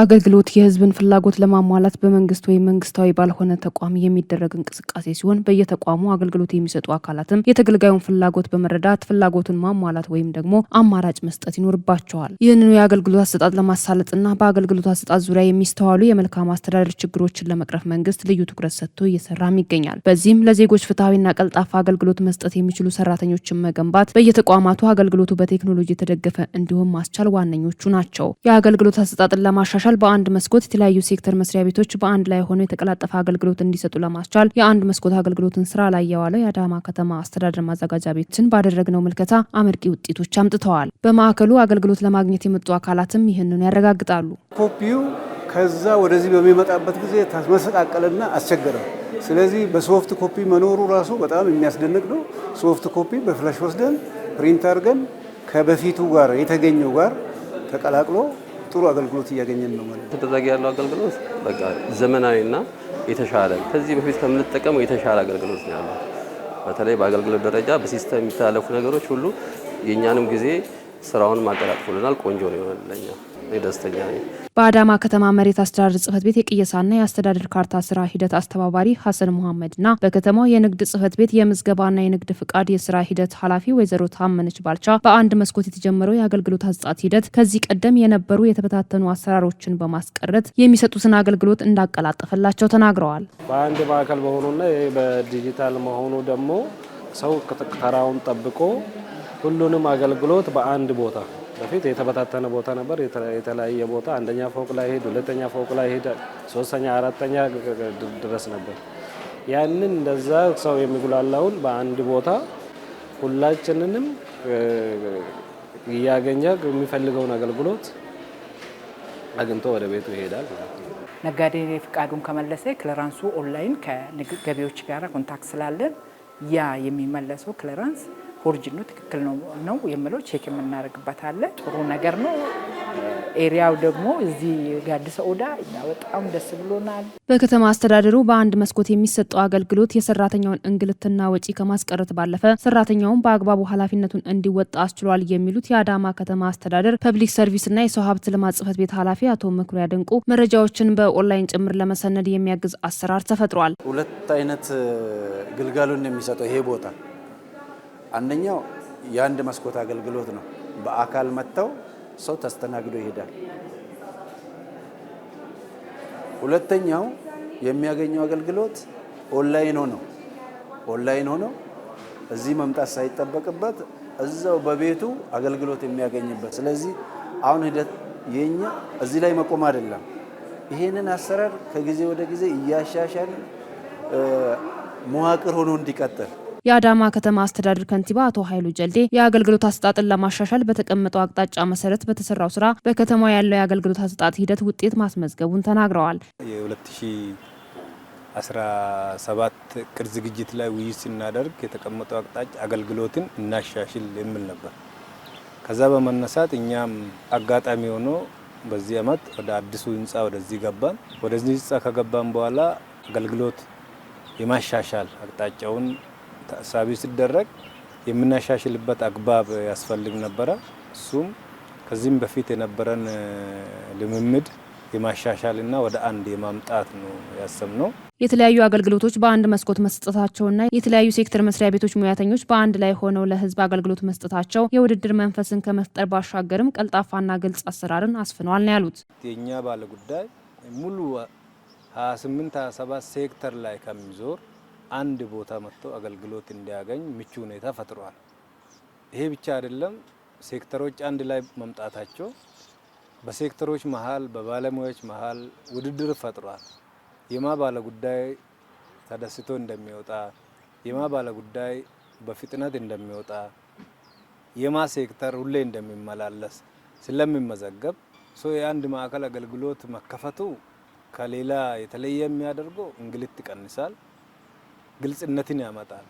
አገልግሎት የህዝብን ፍላጎት ለማሟላት በመንግስት ወይም መንግስታዊ ባልሆነ ተቋም የሚደረግ እንቅስቃሴ ሲሆን በየተቋሙ አገልግሎት የሚሰጡ አካላትም የተገልጋዩን ፍላጎት በመረዳት ፍላጎቱን ማሟላት ወይም ደግሞ አማራጭ መስጠት ይኖርባቸዋል። ይህንኑ የአገልግሎት አሰጣጥ ለማሳለጥና በአገልግሎት አሰጣጥ ዙሪያ የሚስተዋሉ የመልካም አስተዳደር ችግሮችን ለመቅረፍ መንግስት ልዩ ትኩረት ሰጥቶ እየሰራም ይገኛል። በዚህም ለዜጎች ፍትሐዊና ቀልጣፋ አገልግሎት መስጠት የሚችሉ ሰራተኞችን መገንባት፣ በየተቋማቱ አገልግሎቱ በቴክኖሎጂ የተደገፈ እንዲሆን ማስቻል ዋነኞቹ ናቸው። የአገልግሎት አሰጣጥን ለማሻሻል ይሻሻል በአንድ መስኮት የተለያዩ ሴክተር መስሪያ ቤቶች በአንድ ላይ ሆነው የተቀላጠፈ አገልግሎት እንዲሰጡ ለማስቻል የአንድ መስኮት አገልግሎትን ስራ ላይ የዋለው የአዳማ ከተማ አስተዳደር ማዘጋጃ ቤቶችን ባደረግነው ምልከታ አመርቂ ውጤቶች አምጥተዋል። በማዕከሉ አገልግሎት ለማግኘት የመጡ አካላትም ይህንን ያረጋግጣሉ። ኮፒው ከዛ ወደዚህ በሚመጣበት ጊዜ ተመሰቃቀልና አስቸገረ። ስለዚህ በሶፍት ኮፒ መኖሩ ራሱ በጣም የሚያስደንቅ ነው። ሶፍት ኮፒ በፍላሽ ወስደን ፕሪንት አድርገን ከበፊቱ ጋር የተገኘው ጋር ተቀላቅሎ ጥሩ አገልግሎት እያገኘን ነው ማለት ነው። ተደረገ ያለው አገልግሎት በቃ ዘመናዊና የተሻለ ከዚህ በፊት ከምንጠቀመው የተሻለ አገልግሎት ነው ያለው። በተለይ በአገልግሎት ደረጃ በሲስተም የሚተላለፉ ነገሮች ሁሉ የእኛንም ጊዜ ስራውን ማቀላጥፎልናል። ቆንጆ ነው ይሆናል ለኛ። ደስተኛ ነኝ። በአዳማ ከተማ መሬት አስተዳደር ጽህፈት ቤት የቅየሳና የአስተዳደር ካርታ ስራ ሂደት አስተባባሪ ሀሰን ሙሐመድና በከተማው የንግድ ጽህፈት ቤት የምዝገባና የንግድ ፍቃድ የስራ ሂደት ኃላፊ ወይዘሮ ታመነች ባልቻ በአንድ መስኮት የተጀመረው የአገልግሎት አሰጣጥ ሂደት ከዚህ ቀደም የነበሩ የተበታተኑ አሰራሮችን በማስቀረት የሚሰጡትን አገልግሎት እንዳቀላጠፈላቸው ተናግረዋል። በአንድ ማዕከል መሆኑና ይህ በዲጂታል መሆኑ ደግሞ ሰው ተራውን ጠብቆ ሁሉንም አገልግሎት በአንድ ቦታ በፊት የተበታተነ ቦታ ነበር። የተለያየ ቦታ አንደኛ ፎቅ ላይ ሄድ፣ ሁለተኛ ፎቅ ላይ ሄድ፣ ሶስተኛ፣ አራተኛ ድረስ ነበር። ያንን እንደዛ ሰው የሚጉላላውን በአንድ ቦታ ሁላችንንም እያገኘ የሚፈልገውን አገልግሎት አግኝቶ ወደ ቤቱ ይሄዳል ነጋዴ ፍቃዱን ከመለሰ ክለራንሱ ኦንላይን ከገቢዎች ጋር ኮንታክት ስላለን ያ የሚመለሰው ክለራንስ ኦሪጅኑ ትክክል ነው ነው የምለው ቼክ የምናደርግበት አለ። ጥሩ ነገር ነው። ኤሪያው ደግሞ እዚህ ጋዲስ ኦዳ እኛ በጣም ደስ ብሎናል። በከተማ አስተዳደሩ በአንድ መስኮት የሚሰጠው አገልግሎት የሰራተኛውን እንግልትና ወጪ ከማስቀረት ባለፈ ሰራተኛውን በአግባቡ ኃላፊነቱን እንዲወጣ አስችሏል የሚሉት የአዳማ ከተማ አስተዳደር ፐብሊክ ሰርቪስና የሰው ሀብት ልማት ጽሕፈት ቤት ኃላፊ አቶ መኩሪያ ድንቁ መረጃዎችን በኦንላይን ጭምር ለመሰነድ የሚያግዝ አሰራር ተፈጥሯል። ሁለት አይነት ግልጋሎን የሚሰጠው ይሄ ቦታ አንደኛው የአንድ መስኮት አገልግሎት ነው። በአካል መጥተው ሰው ተስተናግዶ ይሄዳል። ሁለተኛው የሚያገኘው አገልግሎት ኦንላይን ሆኖ ኦንላይን ሆኖ እዚህ መምጣት ሳይጠበቅበት እዛው በቤቱ አገልግሎት የሚያገኝበት። ስለዚህ አሁን ሂደት የኛ እዚህ ላይ መቆም አይደለም። ይሄንን አሰራር ከጊዜ ወደ ጊዜ እያሻሻል መዋቅር ሆኖ እንዲቀጥል የአዳማ ከተማ አስተዳደር ከንቲባ አቶ ኃይሉ ጀልዴ የአገልግሎት አሰጣጥን ለማሻሻል በተቀመጠው አቅጣጫ መሰረት በተሰራው ስራ በከተማ ያለው የአገልግሎት አሰጣጥ ሂደት ውጤት ማስመዝገቡን ተናግረዋል። የ2017 እቅድ ዝግጅት ላይ ውይይት ስናደርግ የተቀመጠው አቅጣጫ አገልግሎትን እናሻሽል የሚል ነበር። ከዛ በመነሳት እኛም አጋጣሚ ሆኖ በዚህ አመት ወደ አዲሱ ህንፃ ወደዚህ ገባን። ወደዚህ ህንፃ ከገባን በኋላ አገልግሎት የማሻሻል አቅጣጫውን ታሳቢ ሲደረግ የምናሻሽልበት አግባብ ያስፈልግ ነበረ። እሱም ከዚህም በፊት የነበረን ልምምድ የማሻሻልና ወደ አንድ የማምጣት ነው ያሰብነው። የተለያዩ አገልግሎቶች በአንድ መስኮት መስጠታቸውና የተለያዩ ሴክተር መስሪያ ቤቶች ሙያተኞች በአንድ ላይ ሆነው ለሕዝብ አገልግሎት መስጠታቸው የውድድር መንፈስን ከመፍጠር ባሻገርም ቀልጣፋና ግልጽ አሰራርን አስፍነዋል ነው ያሉት። የእኛ ባለጉዳይ ሙሉ 28 27 ሴክተር ላይ ከሚዞር አንድ ቦታ መጥቶ አገልግሎት እንዲያገኝ ምቹ ሁኔታ ፈጥሯል። ይሄ ብቻ አይደለም። ሴክተሮች አንድ ላይ መምጣታቸው በሴክተሮች መሀል፣ በባለሙያዎች መሀል ውድድር ፈጥሯል። የማ ባለ ጉዳይ ተደስቶ እንደሚወጣ የማ ባለ ጉዳይ በፍጥነት እንደሚወጣ የማ ሴክተር ሁሌ እንደሚመላለስ ስለሚመዘገብ ሶ የአንድ ማዕከል አገልግሎት መከፈቱ ከሌላ የተለየ የሚያደርገው እንግልት ይቀንሳል። ግልጽነትን ያመጣል።